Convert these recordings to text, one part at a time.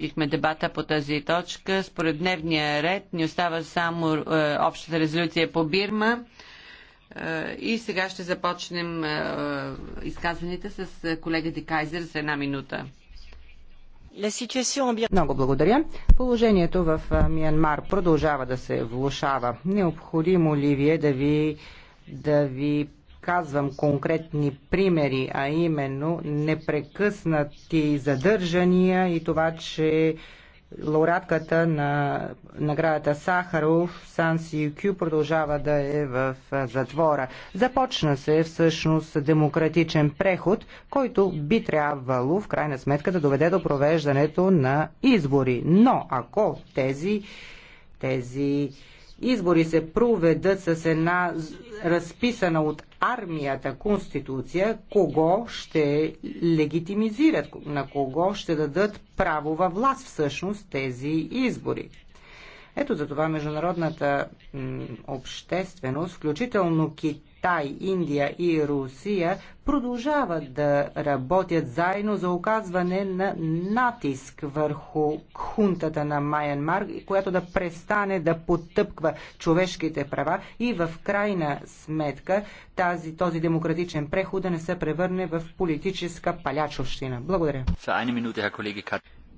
Имахме дебата по тази точка. Според дневния ред ни остава само е, общата резолюция по Бирма. Е, и сега ще започнем е, изказваните с е, колегата Кайзер за една минута. Много благодаря. Положението в е, Миянмар продължава да се влушава. Необходимо ли ви е да ви, да ви казвам конкретни примери, а именно непрекъснати задържания и това, че лауреатката на наградата Сахаров, Сан Си Кю, продължава да е в затвора. Започна се всъщност демократичен преход, който би трябвало в крайна сметка да доведе до провеждането на избори. Но ако тези, тези избори се проведат с една разписана от армията конституция, кого ще легитимизират, на кого ще дадат право във власт всъщност тези избори. Ето за това международната общественост, включително Китай, Китай, Индия и Русия продължават да работят заедно за оказване на натиск върху хунтата на Майянмар, която да престане да потъпква човешките права и в крайна сметка тази, този демократичен преход да не се превърне в политическа палячовщина. Благодаря.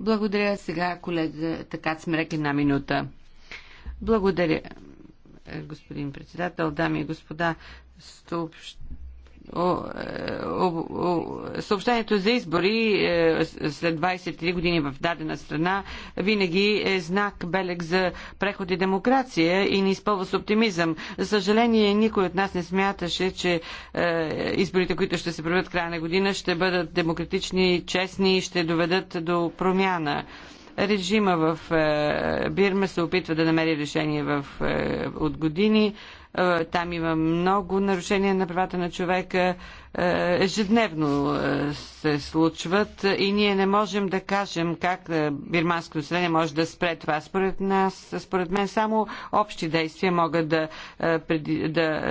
Благодаря сега, колега, така сме рекли една минута. Благодаря е, господин председател, дами и господа, е, съобщението за избори е, след 23 години в дадена страна винаги е знак белег за преход и демокрация и ни изпълва с оптимизъм. За съжаление, никой от нас не смяташе, че е, изборите, които ще се проведат края на година, ще бъдат демократични, честни и ще доведат до промяна режима в Бирма се опитва да намери решение в, от години. Е, там има много нарушения на правата на човека, е, ежедневно е, се случват и ние не можем да кажем как е, бирманското население може да спре това. Според нас, според мен, само общи действия могат да, да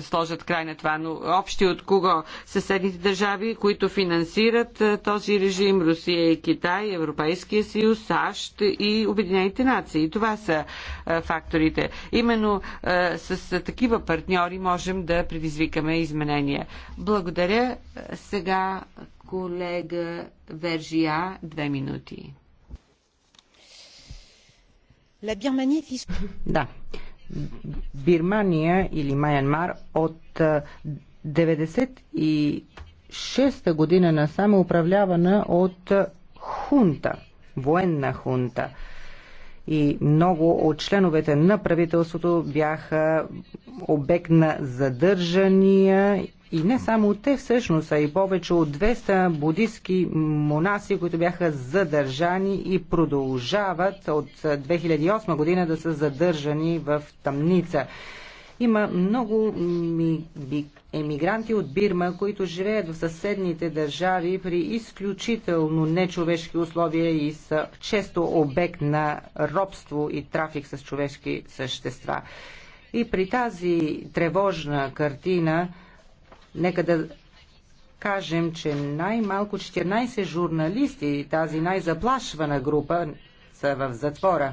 сложат край на това. Но общи от кого? Съседните държави, които финансират този режим Русия и Китай, Европейския съюз, САЩ и Обединените нации. Това са факторите. Именно с такива партньори можем да предизвикаме изменения. Благодаря. Сега колега Вержия, две минути. Да. Бирмания или Майанмар от 96-та година насам е управлявана от хунта, военна хунта. И много от членовете на правителството бяха обект на задържания и не само те всъщност, а и повече от 200 будистки монаси, които бяха задържани и продължават от 2008 година да са задържани в тъмница. Има много емигранти от Бирма, които живеят в съседните държави при изключително нечовешки условия и са често обект на робство и трафик с човешки същества. И при тази тревожна картина Нека да кажем, че най-малко 14 журналисти, тази най-заплашвана група, са в затвора.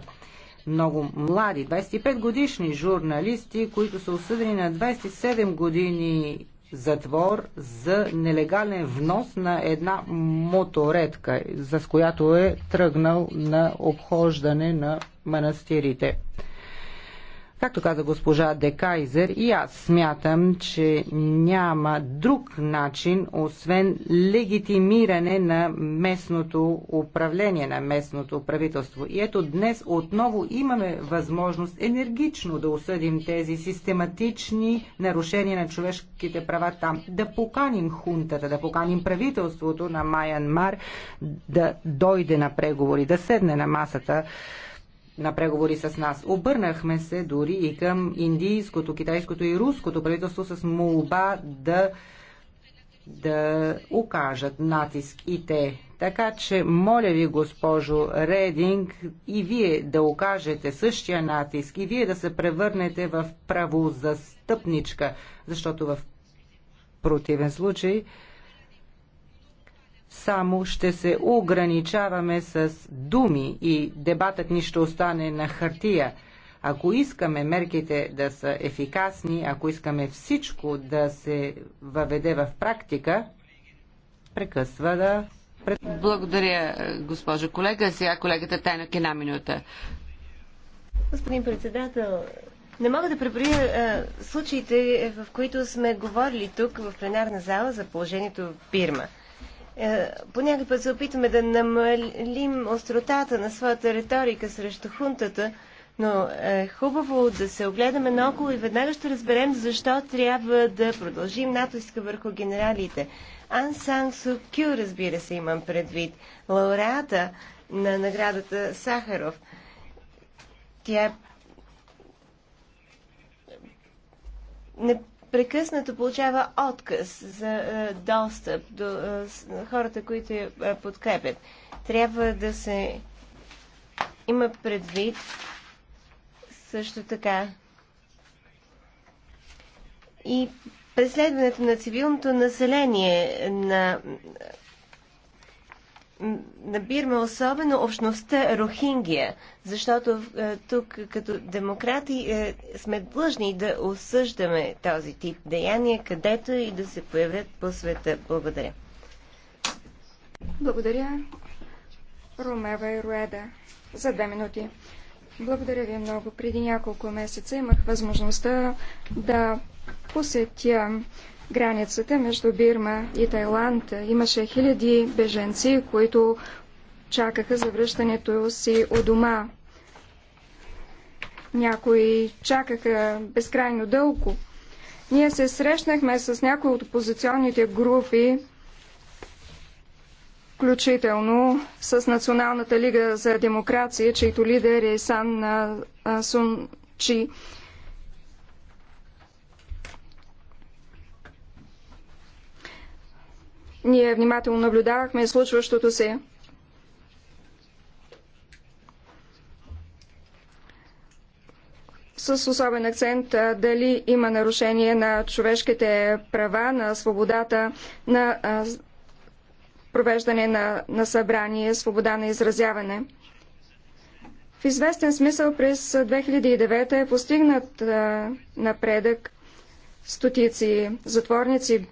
Много млади, 25 годишни журналисти, които са осъдени на 27 години затвор за нелегален внос на една моторетка, за с която е тръгнал на обхождане на манастирите. Както каза госпожа Декайзер, и аз смятам, че няма друг начин, освен легитимиране на местното управление, на местното правителство. И ето днес отново имаме възможност енергично да осъдим тези систематични нарушения на човешките права там, да поканим хунтата, да поканим правителството на мар, да дойде на преговори, да седне на масата на преговори с нас. Обърнахме се дори и към индийското, китайското и руското правителство с молба да да окажат натиск и те. Така че, моля ви, госпожо Рединг, и вие да окажете същия натиск, и вие да се превърнете в правозастъпничка, защото в противен случай само ще се ограничаваме с думи и дебатът ни ще остане на хартия. Ако искаме мерките да са ефикасни, ако искаме всичко да се въведе в практика, прекъсва да... Благодаря, госпожо колега. Сега колегата Тайнак една минута. Господин председател, не мога да преброя случаите, в които сме говорили тук в пленарна зала за положението в Бирма. Е, някакъв път се опитваме да намалим остротата на своята риторика срещу хунтата, но е хубаво да се огледаме наоколо и веднага ще разберем защо трябва да продължим натиска върху генералите. Ан Сан Су Кю, разбира се, имам предвид, лауреата на наградата Сахаров. Тя не прекъснато получава отказ за е, достъп до е, хората, които я е, подкрепят. Трябва да се има предвид също така и преследването на цивилното население на набираме особено общността Рохингия, защото е, тук като демократи е, сме длъжни да осъждаме този тип деяния, където и да се появят по света. Благодаря. Благодаря, Румева и Руеда, за две минути. Благодаря ви много. Преди няколко месеца имах възможността да посетя границата между Бирма и Тайланд. Имаше хиляди беженци, които чакаха завръщането си у дома. Някои чакаха безкрайно дълго. Ние се срещнахме с някои от опозиционните групи, включително с Националната лига за демокрация, чийто лидер е Сан Сун Чи. Ние внимателно наблюдавахме случващото се. с особен акцент дали има нарушение на човешките права, на свободата на провеждане на, на събрание, свобода на изразяване. В известен смисъл през 2009 е постигнат а, напредък. Стотици затворници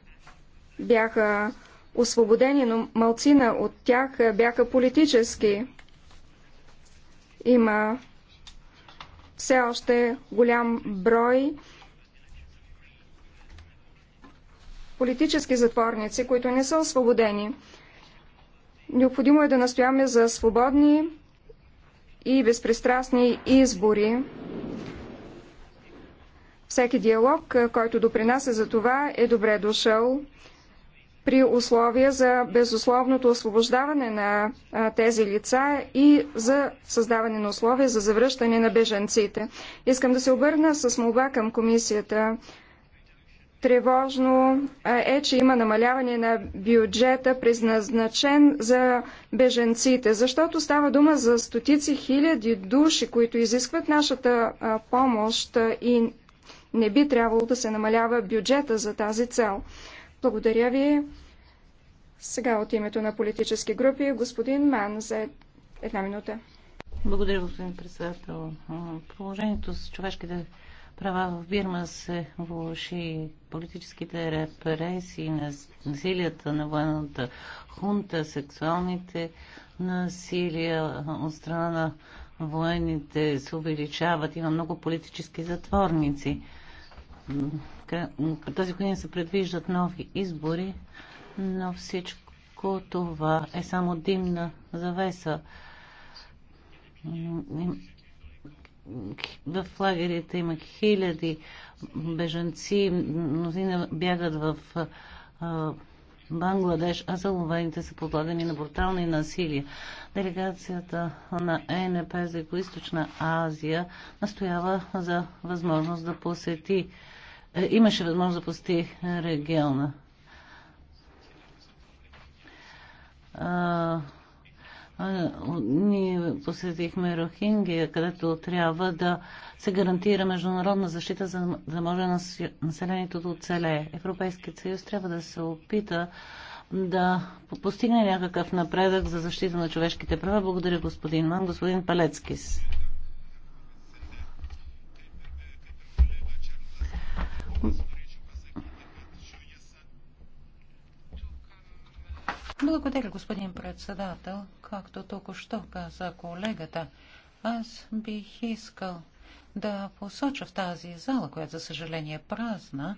бяха освободени, но малцина от тях е, бяха политически. Има все още голям брой политически затворници, които не са освободени. Необходимо е да настояваме за свободни и безпристрастни избори. Всеки диалог, е, който допринася за това, е добре дошъл при условия за безусловното освобождаване на тези лица и за създаване на условия за завръщане на беженците. Искам да се обърна с молба към комисията. Тревожно е, че има намаляване на бюджета, предназначен за беженците, защото става дума за стотици хиляди души, които изискват нашата помощ и не би трябвало да се намалява бюджета за тази цел. Благодаря ви. Сега от името на политически групи господин Ман за една минута. Благодаря, господин председател. Положението с човешките права в Бирма се влуши. Политическите репресии, насилията на военната хунта, сексуалните насилия от страна на военните се увеличават. Има много политически затворници тази година се предвиждат нови избори, но всичко това е само димна завеса. В лагерите има хиляди бежанци, мнозина бягат в Бангладеш, а заловените са подлагани на брутални насилия. Делегацията на ЕНП за Източна Азия настоява за възможност да посети е, имаше възможност да посети е, региона. ние посетихме Рохингия, където трябва да се гарантира международна защита, за да може населението да оцелее. Европейският съюз трябва да се опита да постигне някакъв напредък за защита на човешките права. Благодаря господин Ман, господин Палецкис. Благодаря, господин председател. Както току-що каза колегата, аз бих искал да посоча в тази зала, която за съжаление е празна,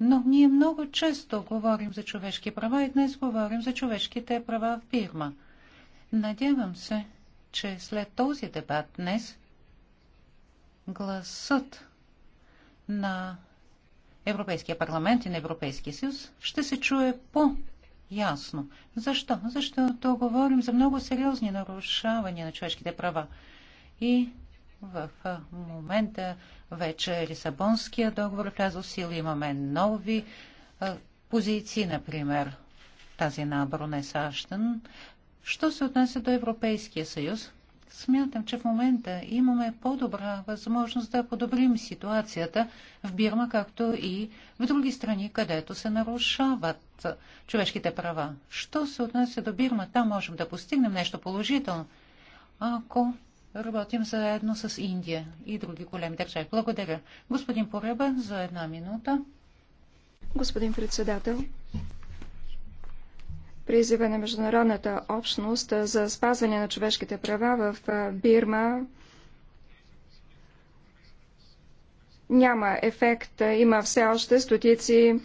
но ние много често говорим за човешки права и днес говорим за човешките права в Бирма. Надявам се, че след този дебат днес гласът на Европейския парламент и на Европейския съюз ще се чуе по ясно. Защо? Защото говорим за много сериозни нарушавания на човешките права. И в момента вече Лисабонския договор влязъл в сила. Имаме нови а, позиции, например тази на Бронес Аштън. Що се отнася до Европейския съюз? Смятам, че в момента имаме по-добра възможност да подобрим ситуацията в Бирма, както и в други страни, където се нарушават човешките права. Що се отнася до Бирма, там можем да постигнем нещо положително, ако работим заедно с Индия и други големи държави. Благодаря. Господин Пореба, за една минута. Господин председател, призива на международната общност за спазване на човешките права в Бирма няма ефект. Има все още стотици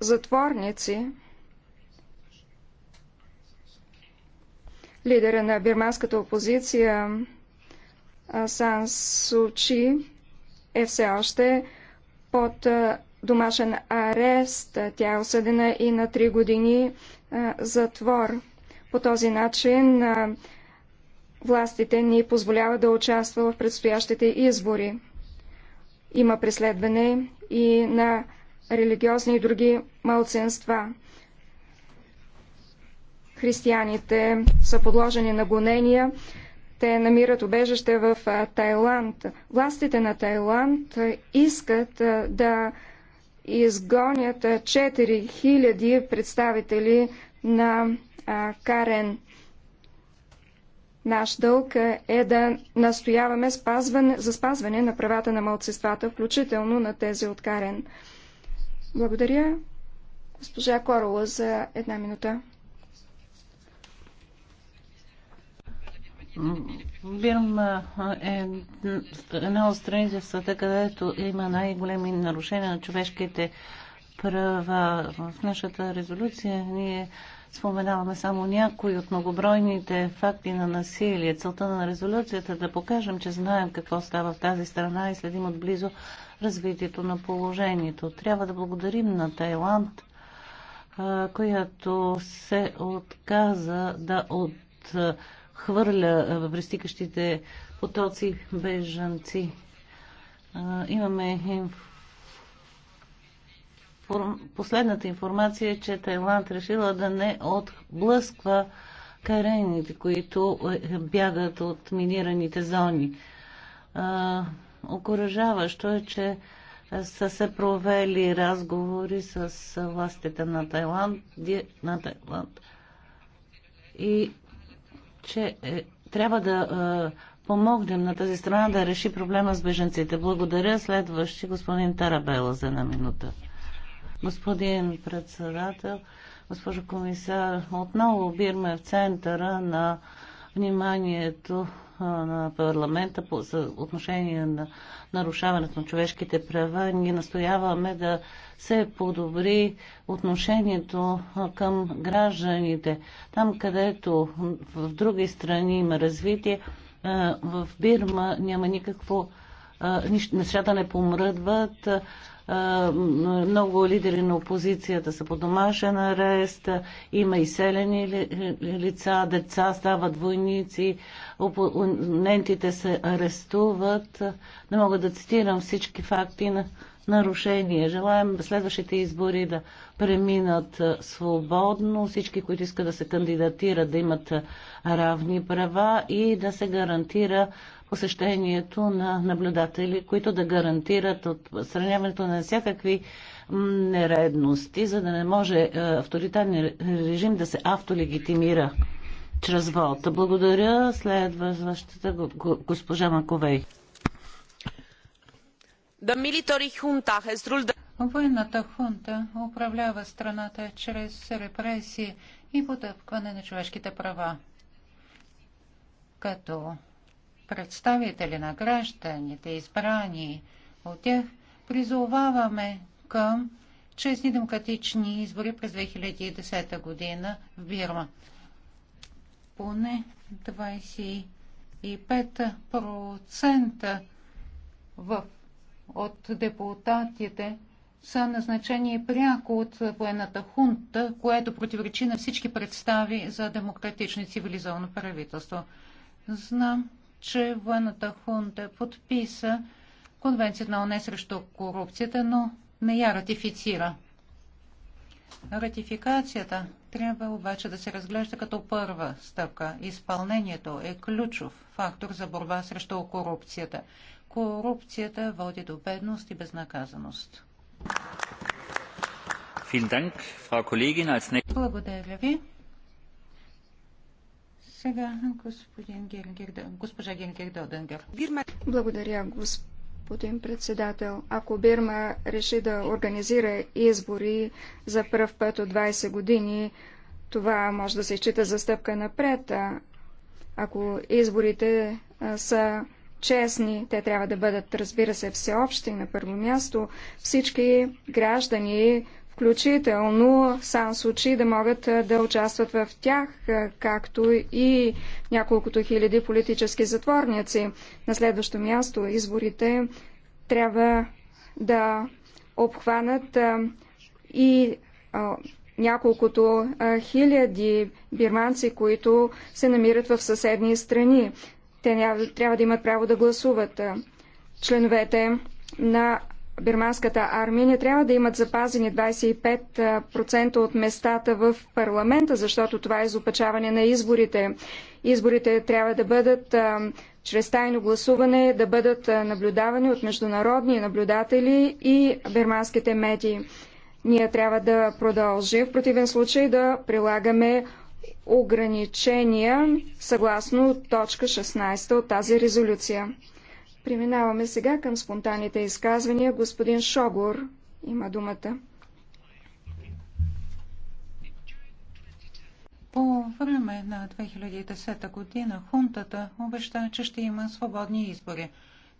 затворници. Лидера на бирманската опозиция Сан Сучи е все още под домашен арест. Тя е осъдена и на 3 години затвор. По този начин властите ни позволяват да участва в предстоящите избори. Има преследване и на религиозни и други малцинства. Християните са подложени на гонения. Те намират убежище в Тайланд. Властите на Тайланд искат да изгонят 4000 представители на Карен. Наш дълг е да настояваме спазване, за спазване на правата на мълцинствата, включително на тези от Карен. Благодаря госпожа Корола за една минута. Бирма е една от страните в света, където има най-големи нарушения на човешките права. В нашата резолюция ние споменаваме само някои от многобройните факти на насилие. Целта на резолюцията е да покажем, че знаем какво става в тази страна и следим отблизо развитието на положението. Трябва да благодарим на Тайланд, която се отказа да от хвърля в пристигащите потоци бежанци. Имаме последната информация е, че Тайланд решила да не отблъсква карените, които е, бягат от минираните зони. Окоръжаващо е, че са се провели разговори с властите на Тайланд, на Тайланд и че е, трябва да е, помогнем на тази страна да реши проблема с беженците. Благодаря. Следващи господин Тарабела за една минута. Господин председател, госпожо комисар, отново бирме в центъра на вниманието на парламента по отношение на нарушаването на човешките права, ние настояваме да се подобри отношението към гражданите. Там, където в други страни има развитие, в Бирма няма никакво нещата не помръдват. Много лидери на опозицията са по домашен арест, има и селени лица, деца стават войници, опонентите се арестуват. Не мога да цитирам всички факти, нарушения. Желаем следващите избори да преминат свободно, всички, които искат да се кандидатират, да имат равни права и да се гарантира посещението на наблюдатели, които да гарантират отстраняването на всякакви нередности, за да не може авторитарния режим да се автолегитимира чрез волта. Благодаря. Следващата госпожа Маковей. The military junta has ruled Военната хунта управлява страната чрез репресии и потъпкване на човешките права. Като представители на гражданите, избрани от тях, призоваваме към честни демократични избори през 2010 година в Бирма. Поне 25% в от депутатите са назначени пряко от военната хунта, което противоречи на всички представи за демократично и цивилизовано правителство. Знам, че военната хунта подписа Конвенцията на ОНЕ срещу корупцията, но не я ратифицира. Ратификацията трябва обаче да се разглежда като първа стъпка. Изпълнението е ключов фактор за борба срещу корупцията корупцията води до бедност и безнаказаност. Благодаря ви. Сега господин Гергер, госпожа Гергер Доденгер. Благодаря, господин председател. Ако Бирма реши да организира избори за първ път от 20 години, това може да се счита за стъпка напред. Ако изборите са честни. Те трябва да бъдат, разбира се, всеобщи. На първо място всички граждани, включително сам случай да могат да участват в тях, както и няколкото хиляди политически затворници. На следващо място изборите трябва да обхванат и няколкото хиляди бирманци, които се намират в съседни страни. Те трябва да имат право да гласуват. Членовете на бирманската армия не трябва да имат запазени 25% от местата в парламента, защото това е изопачаване на изборите. Изборите трябва да бъдат чрез тайно гласуване, да бъдат наблюдавани от международни наблюдатели и бирманските медии. Ние трябва да продължим в противен случай да прилагаме ограничения съгласно точка 16 от тази резолюция. Преминаваме сега към спонтанните изказвания. Господин Шогор има думата. По време на 2010 година хунтата обеща, че ще има свободни избори.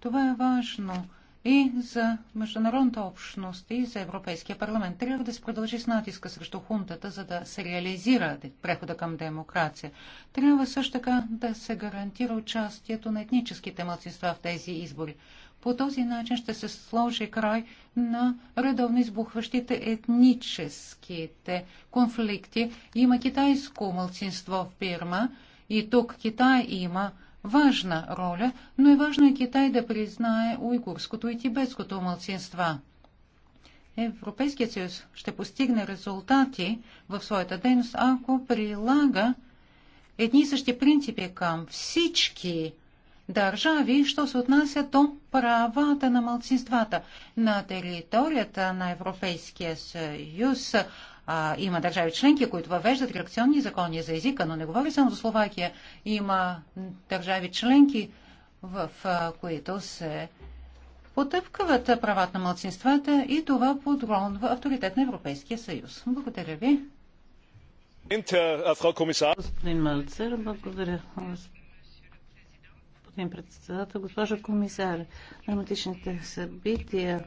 Това е важно и за международната общност, и за Европейския парламент. Трябва да се продължи с натиска срещу хунтата, за да се реализира прехода към демокрация. Трябва също така да се гарантира участието на етническите младсинства в тези избори. По този начин ще се сложи край на редовно избухващите етническите конфликти. Има китайско мълцинство в Бирма и тук Китай има важна роля, но е важно и Китай да признае уйгурското и тибетското мълцинства. Европейският съюз ще постигне резултати в своята дейност, ако прилага едни и същи принципи към всички държави, що се отнася до правата на мълцинствата. На територията на Европейския съюз а, има държави членки, които въвеждат реакционни закони за езика, но не говори само за Словакия. Има държави членки, в а, които се потъпкават правата на младсинствата и това подронва авторитет на Европейския съюз. Благодаря ви. Господин Малцер, благодаря. Господин председател, госпожа комисар, драматичните събития,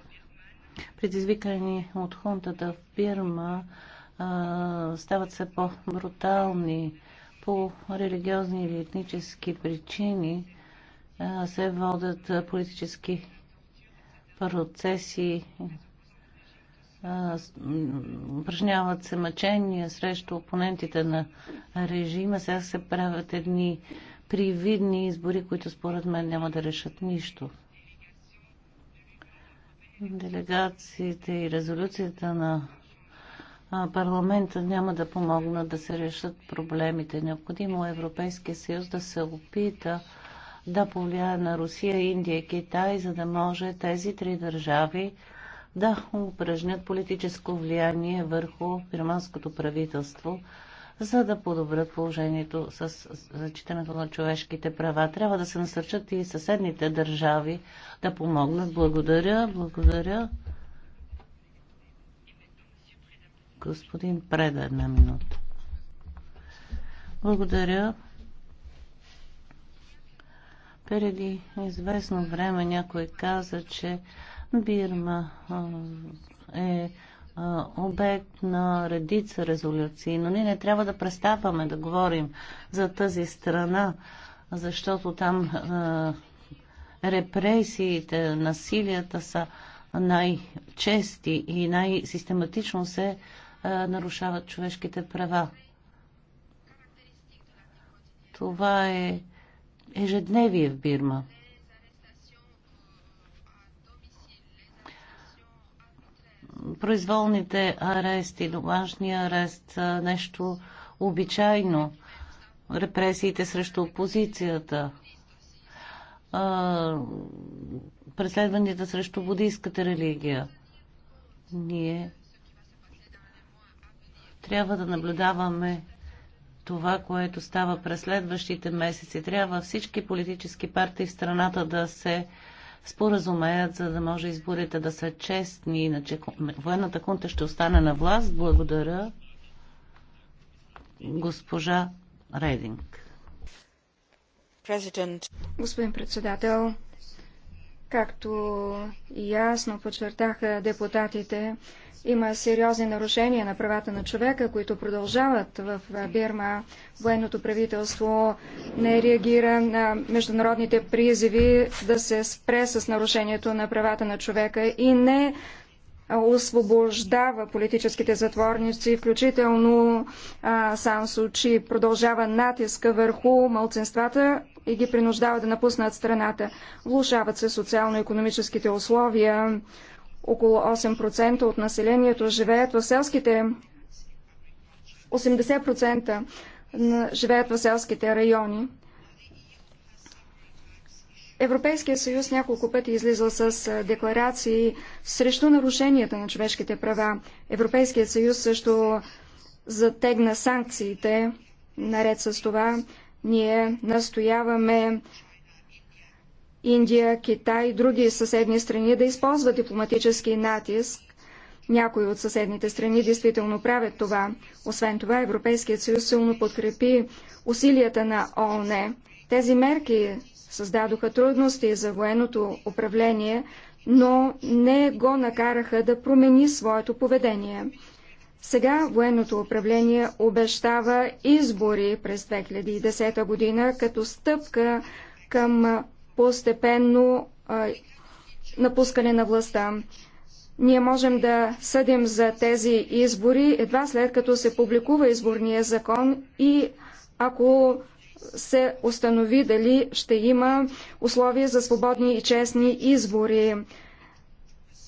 предизвикани от хунтата в Бирма, стават все по-брутални по религиозни или етнически причини се водят политически процеси, упражняват се мъчения срещу опонентите на режима. Сега се правят едни привидни избори, които според мен няма да решат нищо. Делегациите и резолюцията на парламента няма да помогнат да се решат проблемите. Необходимо е Европейския съюз да се опита да повлияе на Русия, Индия и Китай, за да може тези три държави да упражнят политическо влияние върху германското правителство, за да подобрят положението с зачитането на човешките права. Трябва да се насърчат и съседните държави да помогнат. Благодаря, благодаря. Господин Преда, една минута. Благодаря. Преди известно време някой каза, че Бирма е обект на редица резолюции, но ние не трябва да преставаме да говорим за тази страна, защото там репресиите, насилията са най-чести и най-систематично се нарушават човешките права. Това е ежедневие в Бирма. Произволните арести, домашния арест са нещо обичайно. Репресиите срещу опозицията, преследванията срещу буддийската религия. Ние трябва да наблюдаваме това, което става през следващите месеци. Трябва всички политически партии в страната да се споразумеят, за да може изборите да са честни, иначе военната кунта ще остане на власт. Благодаря госпожа Рейдинг. President. Господин председател, както и ясно подчертаха депутатите, има сериозни нарушения на правата на човека, които продължават в Бирма. Военното правителство не реагира на международните призиви да се спре с нарушението на правата на човека и не освобождава политическите затворници, включително а, Сан Сучи, продължава натиска върху мълценствата и ги принуждава да напуснат страната. Влушават се социално-економическите условия, около 8% от населението живеят в селските 80% живеят в селските райони. Европейския съюз няколко пъти е излизал с декларации срещу нарушенията на човешките права. Европейският съюз също затегна санкциите. Наред с това ние настояваме Индия, Китай и други съседни страни да използват дипломатически натиск. Някои от съседните страни действително правят това. Освен това, Европейският съюз силно подкрепи усилията на ООН. Тези мерки създадоха трудности за военното управление, но не го накараха да промени своето поведение. Сега военното управление обещава избори през 2010 година като стъпка към постепенно напускане на властта. Ние можем да съдим за тези избори едва след като се публикува изборния закон и ако се установи дали ще има условия за свободни и честни избори.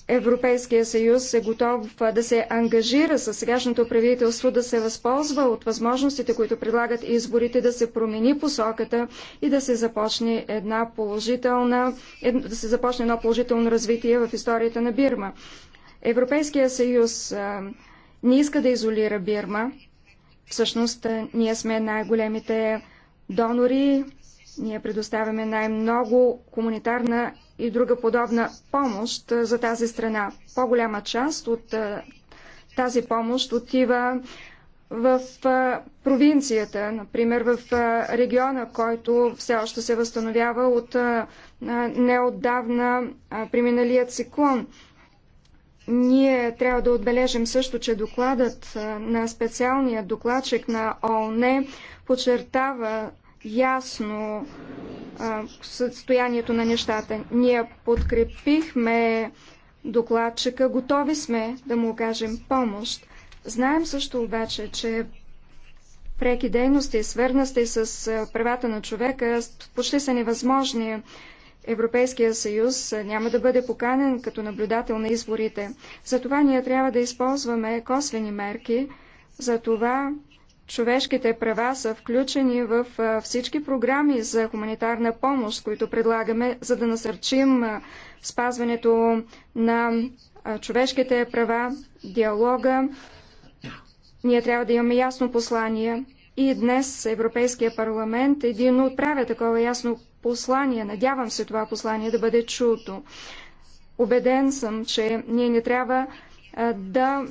Европейския съюз е готов да се ангажира с сегашното правителство да се възползва от възможностите, които предлагат изборите, да се промени посоката и да се започне една положителна, да се започне едно положително развитие в историята на Бирма. Европейския съюз не иска да изолира Бирма. Всъщност, ние сме най-големите донори, ние предоставяме най-много хуманитарна и друга подобна помощ за тази страна. По-голяма част от тази помощ отива в провинцията, например в региона, който все още се възстановява от неотдавна преминалият циклон. Ние трябва да отбележим също, че докладът на специалния докладчик на ООН подчертава ясно състоянието на нещата. Ние подкрепихме докладчика, готови сме да му окажем помощ. Знаем също обаче, че преки дейности, свърнасти с правата на човека, почти са невъзможни. Европейския съюз няма да бъде поканен като наблюдател на изборите. Затова ние трябва да използваме косвени мерки. Затова човешките права са включени в всички програми за хуманитарна помощ, които предлагаме, за да насърчим спазването на човешките права, диалога. Ние трябва да имаме ясно послание. И днес Европейския парламент е един отправя такова ясно послание. Надявам се това послание да бъде чуто. Обеден съм, че ние не трябва да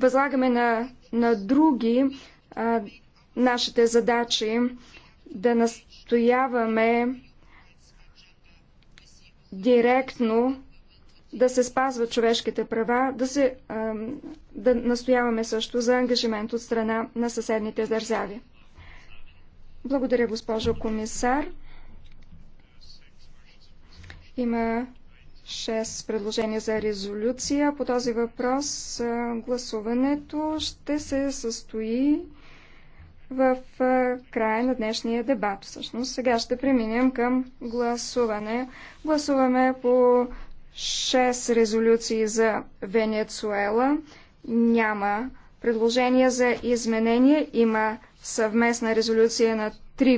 възлагаме на на други а, нашите задачи, да настояваме директно да се спазват човешките права, да, се, а, да настояваме също за ангажимент от страна на съседните държави. Благодаря, госпожо комисар. Има 6 предложения за резолюция. По този въпрос гласуването ще се състои в края на днешния дебат. Всъщност сега ще преминем към гласуване. Гласуваме по 6 резолюции за Венецуела. Няма предложения за изменение. Има съвместна резолюция на